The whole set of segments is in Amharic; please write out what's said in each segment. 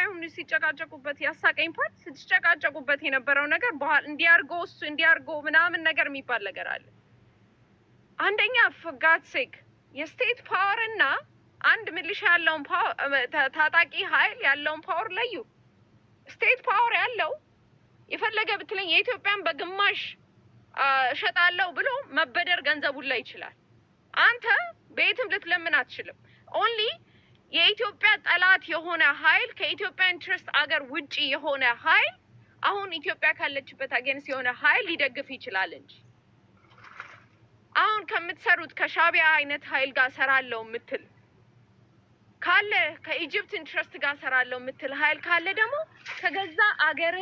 ሳይሆን ሲጨቃጨቁበት ያሳቀኝ ፓርት ሲጨቃጨቁበት የነበረው ነገር ባህል እንዲያርጎ እሱ እንዲያርጎ ምናምን ነገር የሚባል ነገር አለ። አንደኛ ፍጋት ሴክ የስቴት ፓወር እና አንድ ምልሻ ያለውን ታጣቂ ኃይል ያለውን ፓወር ለዩ። ስቴት ፓወር ያለው የፈለገ ብትለኝ የኢትዮጵያን በግማሽ እሸጣለሁ ብሎ መበደር ገንዘቡን ላይ ይችላል። አንተ ቤትም ልትለምን አትችልም ኦንሊ የኢትዮጵያ ጠላት የሆነ ኃይል ከኢትዮጵያ ኢንትረስት አገር ውጭ የሆነ ኃይል አሁን ኢትዮጵያ ካለችበት አገንስ የሆነ ሀይል ሊደግፍ ይችላል እንጂ አሁን ከምትሰሩት ከሻቢያ አይነት ኃይል ጋር ሰራለው የምትል ካለ ከኢጅፕት ኢንትረስት ጋር ሰራለው የምትል ኃይል ካለ ደግሞ ከገዛ አገር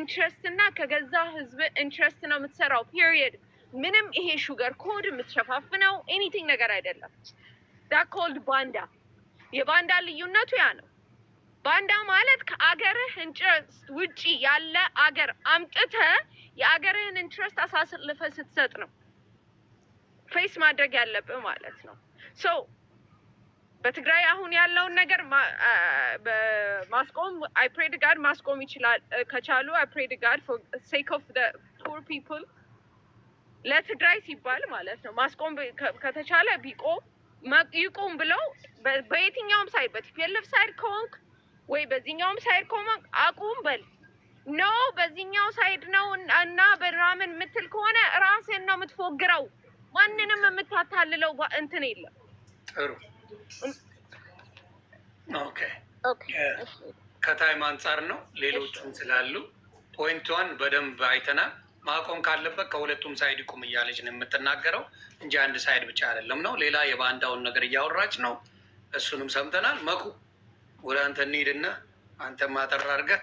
ኢንትረስት እና ከገዛ ህዝብ ኢንትረስት ነው የምትሰራው። ፒሪየድ። ምንም ይሄ ሹገር ኮድ የምትሸፋፍነው ኤኒቲንግ ነገር አይደለም። ዳ ኮልድ ባንዳ የባንዳ ልዩነቱ ያ ነው። ባንዳ ማለት ከአገርህ ኢንትረስት ውጪ ያለ አገር አምጥተ የአገርህን ኢንትረስት አሳስልፈ ስትሰጥ ነው ፌስ ማድረግ ያለብህ ማለት ነው። ሶ በትግራይ አሁን ያለውን ነገር ማስቆም አይ ፕሬድ ጋድ ማስቆም ይችላል። ከቻሉ አይ ፕሬድ ጋድ ፎር ሴክ ኦፍ ፑር ፒፕል ለትግራይ ሲባል ማለት ነው ማስቆም ከተቻለ ቢቆም ይቁም ብለው በየትኛውም ሳይድ በቲፒኤልኤፍ ሳይድ ከሆንክ ወይ በዚህኛውም ሳይድ ከሆንክ አቁም በል። ኖ በዚህኛው ሳይድ ነው እና በምናምን የምትል ከሆነ ራስህን ነው የምትፎግረው። ማንንም የምታታልለው እንትን የለም። ጥሩ ኦኬ። ከታይም አንጻር ነው ሌሎቹን ስላሉ ፖይንት ዋን በደንብ አይተናል። ማቆም ካለበት ከሁለቱም ሳይድ ቁም እያለች ነው የምትናገረው እንጂ አንድ ሳይድ ብቻ አይደለም ነው። ሌላ የባንዳውን ነገር እያወራች ነው። እሱንም ሰምተናል። መኩ ወደ አንተ እንሂድና አንተ ማጠር አድርገህ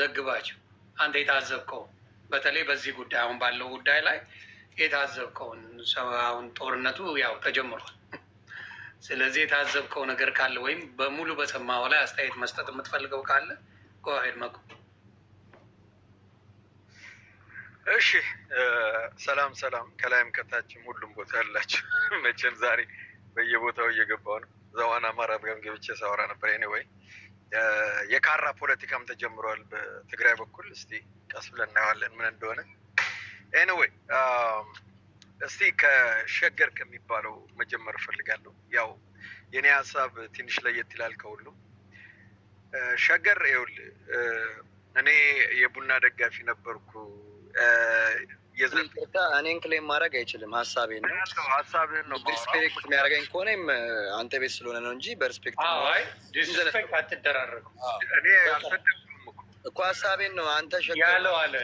ዘግባቸው። አንተ የታዘብከው በተለይ በዚህ ጉዳይ አሁን ባለው ጉዳይ ላይ የታዘብከውን አሁን ጦርነቱ ያው ተጀምሯል። ስለዚህ የታዘብከው ነገር ካለ ወይም በሙሉ በሰማው ላይ አስተያየት መስጠት የምትፈልገው ካለ ጓሄድ መቁም እሺ ሰላም ሰላም፣ ከላይም ከታችም ሁሉም ቦታ ያላችሁ መቼም ዛሬ በየቦታው እየገባው ነው። ዘዋን አማራ ብጋም ገብቼ ሳወራ ነበር። ኤኒዌይ የካራ ፖለቲካም ተጀምሯል በትግራይ በኩል። እስቲ ቀስ ብለን እናየዋለን ምን እንደሆነ። ኤኒዌይ እስቲ ከሸገር ከሚባለው መጀመር እፈልጋለሁ። ያው የኔ ሀሳብ ትንሽ ለየት ይላል ከሁሉም። ሸገር ይኸውልህ እኔ የቡና ደጋፊ ነበርኩ እኔን ክሌም ማድረግ አይችልም። ሀሳቤ ነው ነው። ሪስፔክት የሚያደርገኝ ከሆነ አንተ ቤት ስለሆነ ነው እንጂ በሪስፔክት አትደራረግም እኮ ሀሳቤን ነው። አንተ ያለው አለ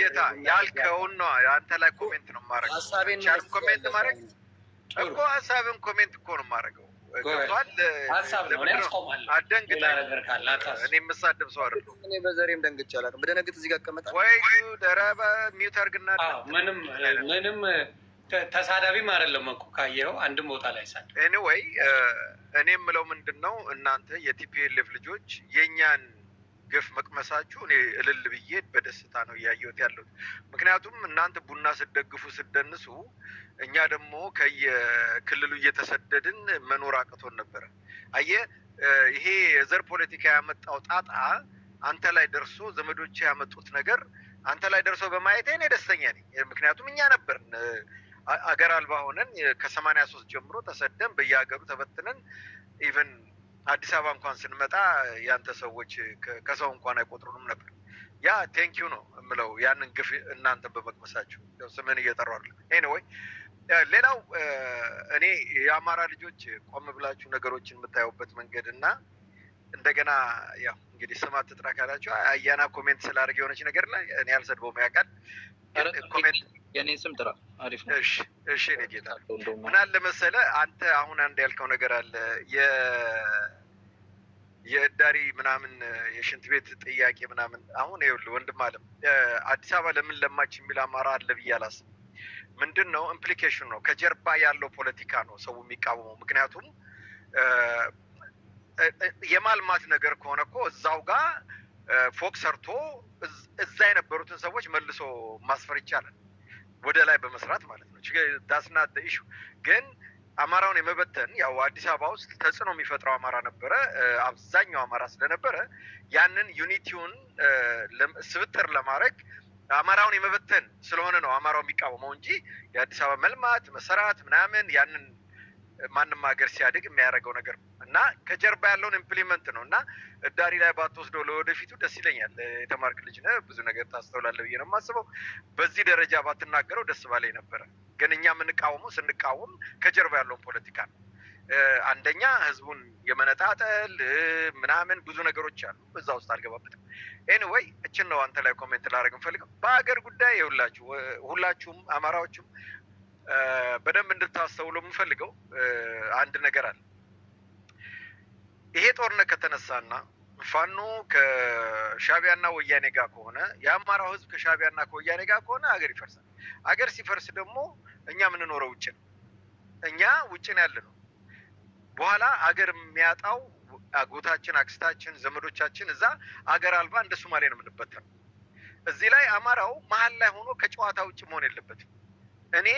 ጌታ ያልከውን ነው። አንተ ላይ ኮሜንት ነው የማደርገው ሀሳቤን ኮሜንት ማድረግ እኮ ሀሳብን ኮሜንት እኮ ነው የማደርገው በዘሬም ደንግጬ አላውቅም። ብደነግጥ እዚህ ጋር እቀመጣለሁ ወይ? ደረበ ሚውት አድርግና ምንም ምንም ተሳዳቢም አይደለም እኮ ካየኸው አንድም ቦታ ላይ ሳ ወይ እኔ የምለው ምንድን ነው እናንተ የቲፒኤልኤፍ ልጆች የእኛን ገፍ መቅመሳችሁ እኔ እልል ብዬ በደስታ ነው እያየሁት ያለሁት። ምክንያቱም እናንተ ቡና ስደግፉ ስደንሱ፣ እኛ ደግሞ ከየክልሉ እየተሰደድን መኖር አቅቶን ነበረ። አየህ ይሄ የዘር ፖለቲካ ያመጣው ጣጣ አንተ ላይ ደርሶ ዘመዶች ያመጡት ነገር አንተ ላይ ደርሶ በማየቴ እኔ ደስተኛ ነኝ። ምክንያቱም እኛ ነበርን አገር አልባ ሆነን ከሰማንያ ሶስት ጀምሮ ተሰደን በየሀገሩ ተበትነን ኢቨን አዲስ አበባ እንኳን ስንመጣ ያንተ ሰዎች ከሰው እንኳን አይቆጥሩንም ነበር። ያ ቴንኪዩ ነው የምለው ያንን ግፍ እናንተን በመቅመሳችሁ ስምን እየጠሩ አለ። ኤኒዌይ ሌላው እኔ የአማራ ልጆች ቆም ብላችሁ ነገሮችን የምታዩበት መንገድ እና እንደገና ያው እንግዲህ ስም አትጥራ ካላችሁ አያና ኮሜንት ስላደርግ የሆነች ነገር ላይ እኔ አልሰድበውም ያውቃል ኮሜንት የኔ ስም ጥራ። አሪፍ ነው። እሺ፣ እሺ። እኔ ጌታ ምን አለ አንተ አሁን አንድ ያልከው ነገር አለ። የእዳሪ ምናምን የሽንት ቤት ጥያቄ ምናምን። አሁን ይኸውልህ ወንድም አለም አዲስ አበባ ለምን ለማች የሚል አማራ አለ ብዬ አላስብም። ምንድን ነው ነው፣ ከጀርባ ያለው ፖለቲካ ነው ሰው የሚቃወመው። ምክንያቱም የማልማት ነገር ከሆነ እኮ እዛው ጋር ፎቅ ሰርቶ እዛ የነበሩትን ሰዎች መልሶ ማስፈር ይቻላል። ወደ ላይ በመስራት ማለት ነው። ዳስናት ኢሹ ግን አማራውን የመበተን ያው አዲስ አበባ ውስጥ ተጽዕኖ የሚፈጥረው አማራ ነበረ፣ አብዛኛው አማራ ስለነበረ ያንን ዩኒቲውን ስብጥር ለማድረግ አማራውን የመበተን ስለሆነ ነው አማራው የሚቃወመው እንጂ የአዲስ አበባ መልማት መሰራት ምናምን ያንን ማንም ሀገር ሲያድግ የሚያደርገው ነገር ነው እና ከጀርባ ያለውን ኢምፕሊመንት ነው እና እዳሪ ላይ ባትወስደው ለወደፊቱ ደስ ይለኛል። የተማርክ ልጅ ነህ፣ ብዙ ነገር ታስተውላለህ ብዬ ነው የማስበው። በዚህ ደረጃ ባትናገረው ደስ ባላይ ነበረ። ግን እኛ የምንቃወመው ስንቃወም ከጀርባ ያለውን ፖለቲካ ነው። አንደኛ ህዝቡን የመነጣጠል ምናምን ብዙ ነገሮች አሉ። እዛ ውስጥ አልገባበትም። ኤኒዌይ እችን ነው አንተ ላይ ኮሜንት ላደርግ እንፈልገው በሀገር ጉዳይ ሁላችሁ ሁላችሁም አማራዎችም በደንብ እንድታስተውሎ የምፈልገው አንድ ነገር አለ። ይሄ ጦርነት ከተነሳና ፋኖ ከሻቢያና ወያኔ ጋር ከሆነ የአማራው ህዝብ ከሻቢያና ከወያኔ ጋር ከሆነ አገር ይፈርሳል። አገር ሲፈርስ ደግሞ እኛ የምንኖረው ውጭ ነው። እኛ ውጭ ነው ያለ ነው። በኋላ አገር የሚያጣው አጎታችን፣ አክስታችን፣ ዘመዶቻችን እዛ አገር አልባ እንደ ሶማሌ ነው የምንበተነው። እዚህ ላይ አማራው መሀል ላይ ሆኖ ከጨዋታ ውጭ መሆን የለበትም። እኔ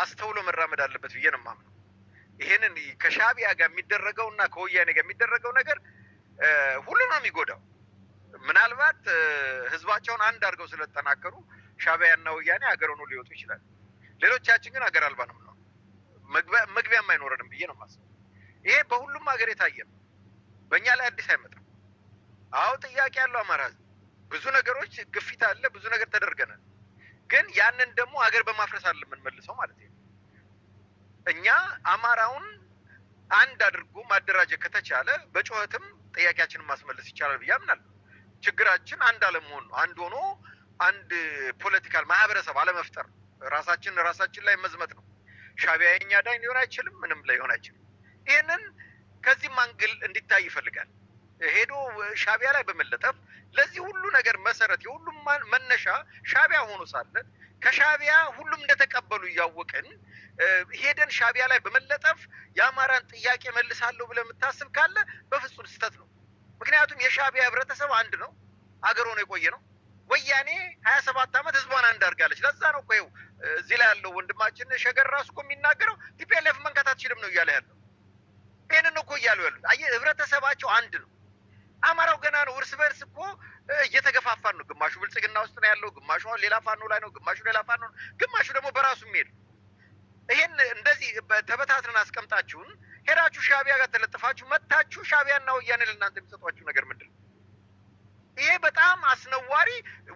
አስተውሎ መራመድ አለበት ብዬ ነው የማምነው። ይሄንን ከሻቢያ ጋር የሚደረገው እና ከወያኔ ጋር የሚደረገው ነገር ሁሉ ነው የሚጎዳው። ምናልባት ህዝባቸውን አንድ አድርገው ስለተጠናከሩ ሻቢያና ወያኔ ሀገር ሆኖ ሊወጡ ይችላል። ሌሎቻችን ግን ሀገር አልባ ነው ምነው መግቢያም አይኖረንም ብዬ ነው ማስበው። ይሄ በሁሉም ሀገር የታየ ነው። በእኛ ላይ አዲስ አይመጣም። አዎ ጥያቄ ያለው አማራ ብዙ ነገሮች ግፊት አለ፣ ብዙ ነገር ተደርገናል። ግን ያንን ደግሞ ሀገር በማፍረስ አለ የምንመልሰው ማለት ነው። እኛ አማራውን አንድ አድርጎ ማደራጀት ከተቻለ በጩኸትም ጥያቄያችንን ማስመለስ ይቻላል ብዬ አምናለሁ። ችግራችን አንድ አለመሆን ነው። አንድ ሆኖ አንድ ፖለቲካል ማህበረሰብ አለመፍጠር፣ ራሳችን ራሳችን ላይ መዝመት ነው። ሻቢያ የኛ ዳኝ ሊሆን አይችልም፣ ምንም ላይሆን አይችልም። ይህንን ከዚህም አንግል እንዲታይ ይፈልጋል። ሄዶ ሻቢያ ላይ በመለጠፍ ለዚህ ሁሉ ነገር መሰረት የሁሉም መነሻ ሻቢያ ሆኖ ሳለ ከሻቢያ ሁሉም እንደተቀበሉ እያወቅን ሄደን ሻቢያ ላይ በመለጠፍ የአማራን ጥያቄ መልሳለሁ ብለህ የምታስብ ካለ በፍጹም ስህተት ነው። ምክንያቱም የሻቢያ ህብረተሰብ አንድ ነው፣ አገር ሆኖ የቆየ ነው። ወያኔ ሀያ ሰባት ዓመት ህዝቧን አንድ አድርጋለች። ለዛ ነው እኮ እዚህ ላይ ያለው ወንድማችን ሸገር ራሱ እኮ የሚናገረው ቲፒኤልኤፍ መንካት አትችልም ነው እያለ ያለው። ይህንን እኮ እያሉ ያሉት ህብረተሰባቸው አንድ ነው። አማራው ገና ነው። እርስ በርስ እኮ እየተገፋፋን ነው። ግማሹ ብልጽግና ውስጥ ነው ያለው፣ ግማሹ ሌላ ፋኖ ላይ ነው፣ ግማሹ ሌላ ፋኖ ነው፣ ግማሹ ደግሞ በራሱ የሚሄድ ይሄን እንደዚህ ተበታትነን አስቀምጣችሁን ሄዳችሁ ሻቢያ ጋር ተለጥፋችሁ መታችሁ ሻቢያና ወያኔ ለእናንተ የሚሰጧችሁ ነገር ምንድን ነው? ይሄ በጣም አስነዋሪ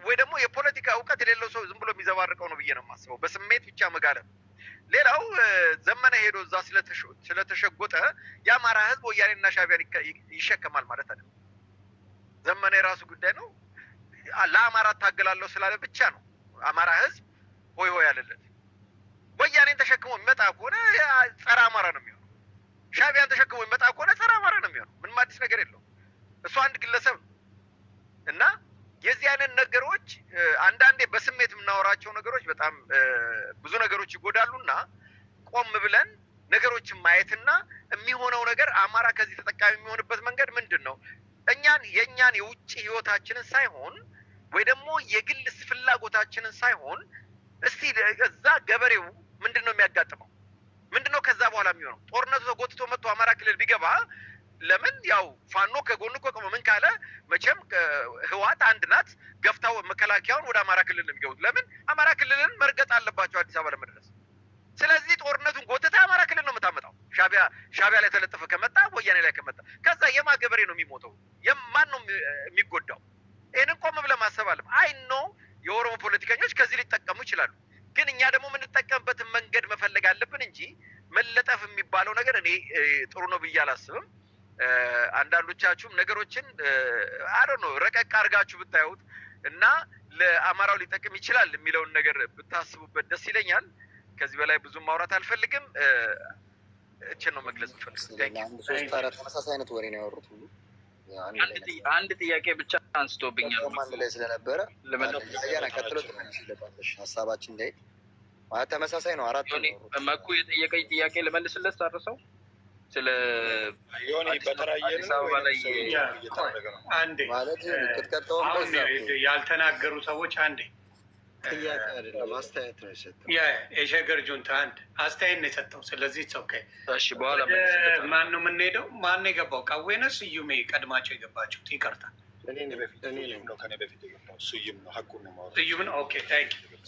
ወይ ደግሞ የፖለቲካ እውቀት የሌለው ሰው ዝም ብሎ የሚዘባርቀው ነው ብዬ ነው የማስበው። በስሜት ብቻ መጋለብ። ሌላው ዘመነ ሄዶ እዛ ስለተሸጎጠ የአማራ ህዝብ ወያኔና ሻቢያን ይሸከማል ማለት አለ ዘመነ የራሱ ጉዳይ ነው። ለአማራ ታገላለሁ ስላለ ብቻ ነው አማራ ህዝብ ሆይ ሆይ አለለት። ወያኔን ተሸክሞ የሚመጣ ከሆነ ጸረ አማራ ነው የሚሆነው። ሻቢያን ተሸክሞ የሚመጣ ከሆነ ጸረ አማራ ነው የሚሆነው። ምንም አዲስ ነገር የለውም። እሱ አንድ ግለሰብ ነው እና የዚህ አይነት ነገሮች አንዳንዴ በስሜት የምናወራቸው ነገሮች በጣም ብዙ ነገሮች ይጎዳሉና ቆም ብለን ነገሮችን ማየትና የሚሆነው ነገር አማራ ከዚህ ተጠቃሚ የሚሆንበት መንገድ ምንድን ነው? እኛን የእኛን የውጭ ህይወታችንን ሳይሆን ወይ ደግሞ የግል ፍላጎታችንን ሳይሆን እስቲ እዛ ገበሬው ምንድን ነው የሚያጋጥመው? ምንድን ነው ከዛ በኋላ የሚሆነው? ጦርነቱ ተጎትቶ መጥቶ አማራ ክልል ቢገባ ለምን ያው ፋኖ ከጎን ቆቆመ ምን ካለ መቼም ህዋት አንድ ናት ገፍታው መከላከያውን ወደ አማራ ክልል ነው የሚገቡት። ለምን አማራ ክልልን መርገጥ አለባቸው አዲስ አበባ ለመድረስ። ስለዚህ ጦርነቱን ጎትታ አማራ ክልል ነው የምታመጣው። ሻቢያ ሻቢያ ላይ ተለጥፈ ከመጣ ወያኔ ላይ ከመጣ ከዛ የማገበሬ ነው የሚሞተው። የማን ነው የሚጎዳው? ይህንን ቆም ብለህ ማሰብ አለም። አይ ኖ የኦሮሞ ፖለቲከኞች ከዚህ ሊጠቀሙ ይችላሉ፣ ግን እኛ ደግሞ የምንጠቀምበትን መንገድ መፈለግ አለብን እንጂ መለጠፍ የሚባለው ነገር እኔ ጥሩ ነው ብዬ አላስብም። አንዳንዶቻችሁም ነገሮችን አረ ነው ረቀቅ አድርጋችሁ ብታዩት እና ለአማራው ሊጠቅም ይችላል የሚለውን ነገር ብታስቡበት ደስ ይለኛል። ከዚህ በላይ ብዙ ማውራት አልፈልግም። እችን ነው መግለጽ ፈልግ። ተመሳሳይ አይነት ወሬ ነው ያወሩት ሁሉ አንድ ጥያቄ ብቻ አንስቶብኛል አንድ ላይ ስለነበረ ያን ቀጥሎ ትንሽ ሀሳባችን ላይ ማለት ተመሳሳይ ነው። አራት መኩ የጠየቀኝ ጥያቄ ልመልስለት ሳርሰው ስለ አዲስ አበባ ላይ ማለት ያልተናገሩ ሰዎች አንዴ ጥያቄ አይደለም፣ የሸገር ጁንታ አንድ አስተያየት ነው የሰጠው። ስለዚህ ሰውከ በኋላ ማን ነው የምንሄደው? ማን ነው የገባው? ቀዌነ ስዩሜ ቀድማቸው የገባቸው ይቀርታል።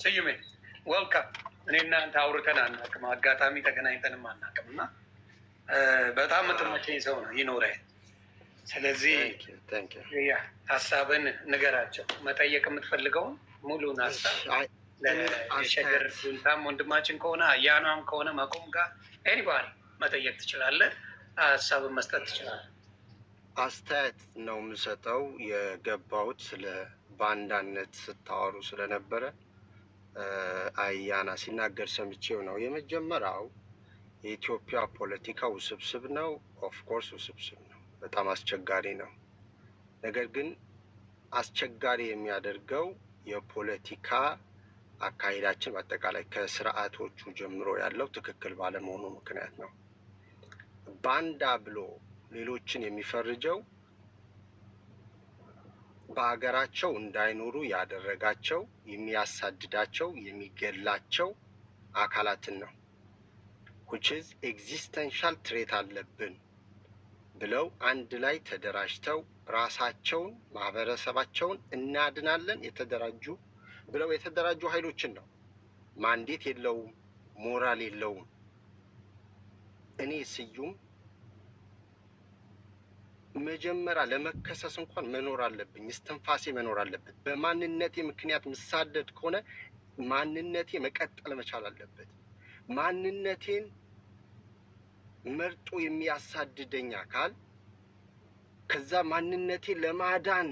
ስዩሜ ወልካም። እኔ እናንተ አውርተን አናውቅም፣ አጋጣሚ ተገናኝተንም አናውቅም እና በጣም የምትመቸኝ ሰው ነው ይኖራል ስለዚህ ሀሳብን ንገራቸው። መጠየቅ የምትፈልገውን ሙሉን ሀሳብ ለሸገር ወንድማችን ከሆነ አያኗም ከሆነ ማቆም ጋር ኤኒባሪ መጠየቅ ትችላለህ። ሀሳብን መስጠት ትችላለህ። አስተያየት ነው የምሰጠው። የገባሁት ስለ በአንዳነት ስታወሩ ስለነበረ አያና ሲናገር ሰምቼው ነው። የመጀመሪያው የኢትዮጵያ ፖለቲካ ውስብስብ ነው። ኦፍኮርስ ውስብስብ ነው በጣም አስቸጋሪ ነው። ነገር ግን አስቸጋሪ የሚያደርገው የፖለቲካ አካሄዳችን በአጠቃላይ ከስርዓቶቹ ጀምሮ ያለው ትክክል ባለመሆኑ ምክንያት ነው። ባንዳ ብሎ ሌሎችን የሚፈርጀው በሀገራቸው እንዳይኖሩ ያደረጋቸው የሚያሳድዳቸው የሚገላቸው አካላትን ነው። ሁችዝ ኤግዚስተንሻል ትሬት አለብን ብለው አንድ ላይ ተደራጅተው ራሳቸውን ማህበረሰባቸውን እናድናለን የተደራጁ ብለው የተደራጁ ኃይሎችን ነው። ማንዴት የለውም፣ ሞራል የለውም። እኔ ስዩም መጀመሪያ ለመከሰስ እንኳን መኖር አለብኝ፣ እስትንፋሴ መኖር አለበት። በማንነቴ ምክንያት ምሳደድ ከሆነ ማንነቴ መቀጠል መቻል አለበት። ማንነቴን መርጦ የሚያሳድደኝ አካል ከዛ ማንነቴ ለማዳን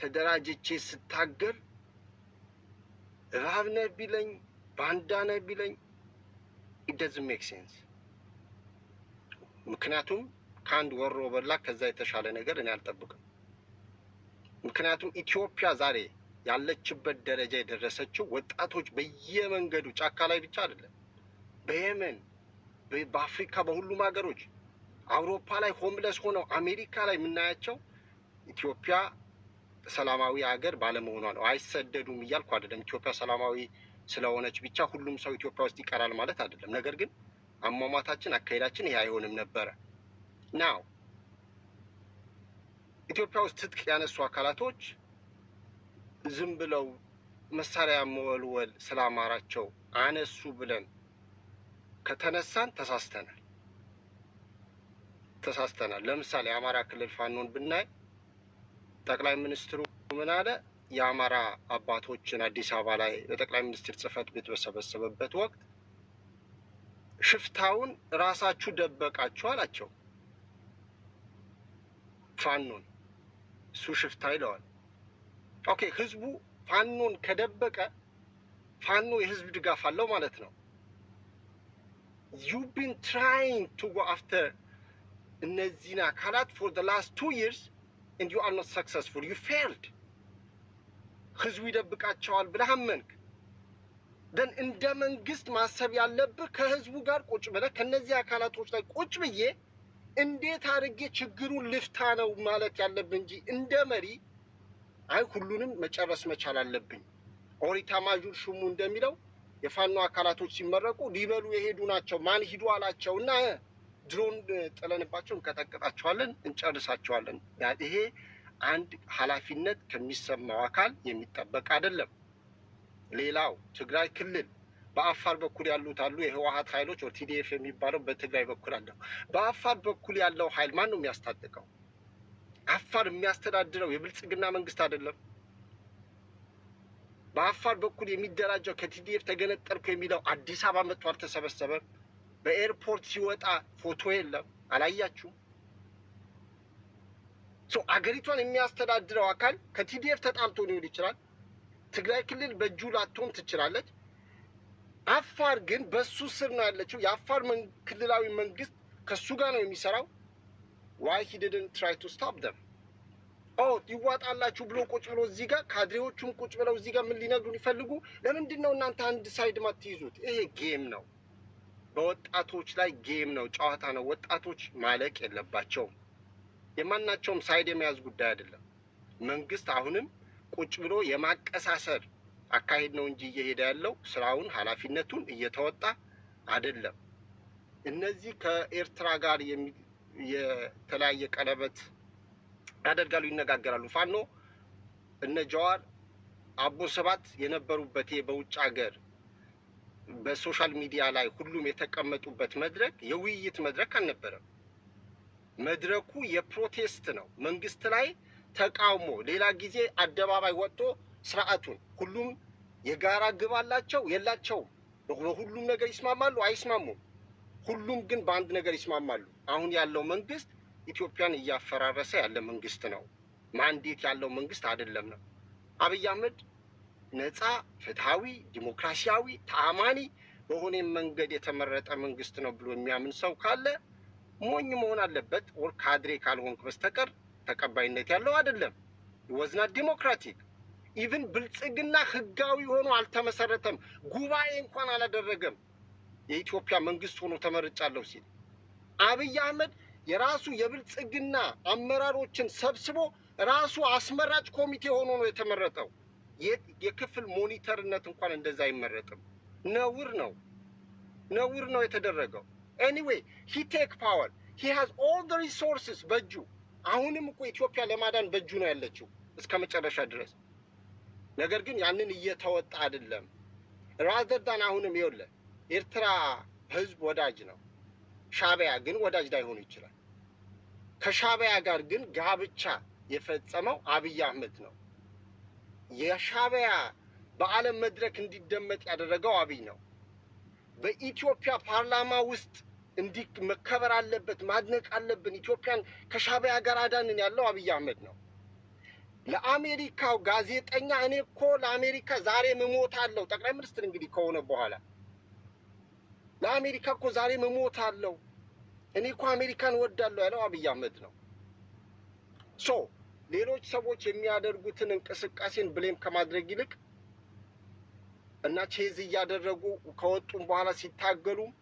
ተደራጅቼ ስታገር ረሃብ ነህ ቢለኝ ባንዳ ነህ ቢለኝ ኢደዝ ሜክ ሴንስ። ምክንያቱም ከአንድ ወሮ በላ ከዛ የተሻለ ነገር እኔ አልጠብቅም። ምክንያቱም ኢትዮጵያ ዛሬ ያለችበት ደረጃ የደረሰችው ወጣቶች በየመንገዱ ጫካ ላይ ብቻ አይደለም በየመን በአፍሪካ በሁሉም ሀገሮች አውሮፓ ላይ ሆምለስ ሆነው አሜሪካ ላይ የምናያቸው ኢትዮጵያ ሰላማዊ ሀገር ባለመሆኗ ነው። አይሰደዱም እያልኩ አይደለም። ኢትዮጵያ ሰላማዊ ስለሆነች ብቻ ሁሉም ሰው ኢትዮጵያ ውስጥ ይቀራል ማለት አይደለም። ነገር ግን አሟሟታችን፣ አካሄዳችን ይህ አይሆንም ነበረ ናው ኢትዮጵያ ውስጥ ትጥቅ ያነሱ አካላቶች ዝም ብለው መሳሪያ መወልወል ስላማራቸው አነሱ ብለን ከተነሳን ተሳስተናል ተሳስተናል። ለምሳሌ የአማራ ክልል ፋኖን ብናይ ጠቅላይ ሚኒስትሩ ምን አለ? የአማራ አባቶችን አዲስ አበባ ላይ በጠቅላይ ሚኒስትር ጽህፈት ቤት በሰበሰበበት ወቅት ሽፍታውን ራሳችሁ ደበቃችሁ አላቸው። ፋኖን እሱ ሽፍታ ይለዋል። ኦኬ፣ ህዝቡ ፋኖን ከደበቀ ፋኖ የህዝብ ድጋፍ አለው ማለት ነው። ዩቢን ትራይንግ ቱ ጎ አፍተር እነዚህን አካላት ፎር ደ ላስት ቱ ይርስ ኤንድ ዩ አር ኖት ሰክሰስፉል ዩ ፌልድ። ህዝቡ ይደብቃቸዋል ብለህ አመንክ። ደን እንደ መንግስት ማሰብ ያለብህ ከህዝቡ ጋር ቁጭ ብለህ ከነዚህ አካላቶች ላይ ቁጭ ብዬ እንዴት አድርጌ ችግሩን ልፍታ ነው ማለት ያለብህ እንጂ እንደ መሪ አይ ሁሉንም መጨረስ መቻል አለብኝ። ኦሪታ ማዡር ሹሙ እንደሚለው የፋኖ አካላቶች ሲመረቁ ሊበሉ የሄዱ ናቸው። ማን ሂዱ አላቸው እና ድሮን ጥለንባቸው እንቀጠቅጣቸዋለን፣ እንጨርሳቸዋለን። ይሄ አንድ ኃላፊነት ከሚሰማው አካል የሚጠበቅ አይደለም። ሌላው ትግራይ ክልል በአፋር በኩል ያሉት አሉ የህወሀት ኃይሎች ወር ቲዲኤፍ የሚባለው በትግራይ በኩል አለው። በአፋር በኩል ያለው ኃይል ማን ነው የሚያስታጥቀው? አፋር የሚያስተዳድረው የብልጽግና መንግስት አይደለም። በአፋር በኩል የሚደራጀው ከቲዲኤፍ ተገነጠልኩ የሚለው አዲስ አበባ መጥቶ አልተሰበሰበም። በኤርፖርት ሲወጣ ፎቶ የለም። አላያችሁም? ሰው አገሪቷን የሚያስተዳድረው አካል ከቲዲኤፍ ተጣልቶ ሊሆን ይችላል። ትግራይ ክልል በእጁ ላትሆን ትችላለች። አፋር ግን በሱ ስር ነው ያለችው። የአፋር ክልላዊ መንግስት ከሱ ጋር ነው የሚሰራው። ዋይ ሂ ዲድንት ትራይ ቱ ስቶፕ ደም አዎ ይዋጣላችሁ ብሎ ቁጭ ብሎ እዚህ ጋር ካድሬዎቹም ቁጭ ብለው እዚህ ጋር ምን ሊነግሩን ይፈልጉ? ለምንድን ነው እናንተ አንድ ሳይድ ማትይዙት? ይሄ ጌም ነው፣ በወጣቶች ላይ ጌም ነው፣ ጨዋታ ነው። ወጣቶች ማለቅ የለባቸውም። የማናቸውም ሳይድ የመያዝ ጉዳይ አይደለም። መንግስት አሁንም ቁጭ ብሎ የማቀሳሰር አካሄድ ነው እንጂ እየሄደ ያለው ስራውን ኃላፊነቱን እየተወጣ አይደለም። እነዚህ ከኤርትራ ጋር የተለያየ ቀለበት ያደርጋሉ፣ ይነጋገራሉ። ፋኖ እነ ጀዋር አቦ ሰባት የነበሩበት በውጭ ሀገር በሶሻል ሚዲያ ላይ ሁሉም የተቀመጡበት መድረክ የውይይት መድረክ አልነበረም። መድረኩ የፕሮቴስት ነው። መንግስት ላይ ተቃውሞ፣ ሌላ ጊዜ አደባባይ ወጥቶ ስርዓቱን ሁሉም የጋራ ግብ አላቸው የላቸውም፣ በሁሉም ነገር ይስማማሉ አይስማሙም፣ ሁሉም ግን በአንድ ነገር ይስማማሉ። አሁን ያለው መንግስት ኢትዮጵያን እያፈራረሰ ያለ መንግስት ነው። ማንዴት ያለው መንግስት አይደለም ነው። አብይ አህመድ ነፃ፣ ፍትሃዊ፣ ዲሞክራሲያዊ፣ ተአማኒ በሆነ መንገድ የተመረጠ መንግስት ነው ብሎ የሚያምን ሰው ካለ ሞኝ መሆን አለበት። ወር ካድሬ ካልሆንክ በስተቀር ተቀባይነት ያለው አይደለም። ወዝና ዲሞክራቲክ ኢቭን ብልጽግና ህጋዊ ሆኖ አልተመሰረተም። ጉባኤ እንኳን አላደረገም። የኢትዮጵያ መንግስት ሆኖ ተመርጫለሁ ሲል አብይ አህመድ የራሱ የብልጽግና አመራሮችን ሰብስቦ ራሱ አስመራጭ ኮሚቴ ሆኖ ነው የተመረጠው። የክፍል ሞኒተርነት እንኳን እንደዛ አይመረጥም። ነውር ነው፣ ነውር ነው የተደረገው። ኤኒዌይ ሂ ቴክ ፓወር ሂ ሃዝ ኦል ሪሶርስስ በእጁ አሁንም እኮ ኢትዮጵያ ለማዳን በእጁ ነው ያለችው እስከ መጨረሻ ድረስ። ነገር ግን ያንን እየተወጣ አይደለም። ራዘርዳን አሁንም ይኸውልህ ኤርትራ ህዝብ ወዳጅ ነው። ሻቢያ ግን ወዳጅ ላይሆኑ ይችላል። ከሻቢያ ጋር ግን ጋብቻ የፈጸመው አብይ አህመድ ነው። የሻቢያ በዓለም መድረክ እንዲደመጥ ያደረገው አብይ ነው። በኢትዮጵያ ፓርላማ ውስጥ እንዲ መከበር አለበት፣ ማድነቅ አለብን፣ ኢትዮጵያን ከሻቢያ ጋር አዳንን ያለው አብይ አህመድ ነው። ለአሜሪካው ጋዜጠኛ እኔ እኮ ለአሜሪካ ዛሬ አለው ጠቅላይ ሚኒስትር እንግዲህ ከሆነ በኋላ ለአሜሪካ እኮ መሞት አለው እኔ እኮ አሜሪካን ወዳለሁ ያለው አብይ አህመድ ነው። ሶ ሌሎች ሰዎች የሚያደርጉትን እንቅስቃሴን ብሌም ከማድረግ ይልቅ እና ቼዝ እያደረጉ ከወጡም በኋላ ሲታገሉም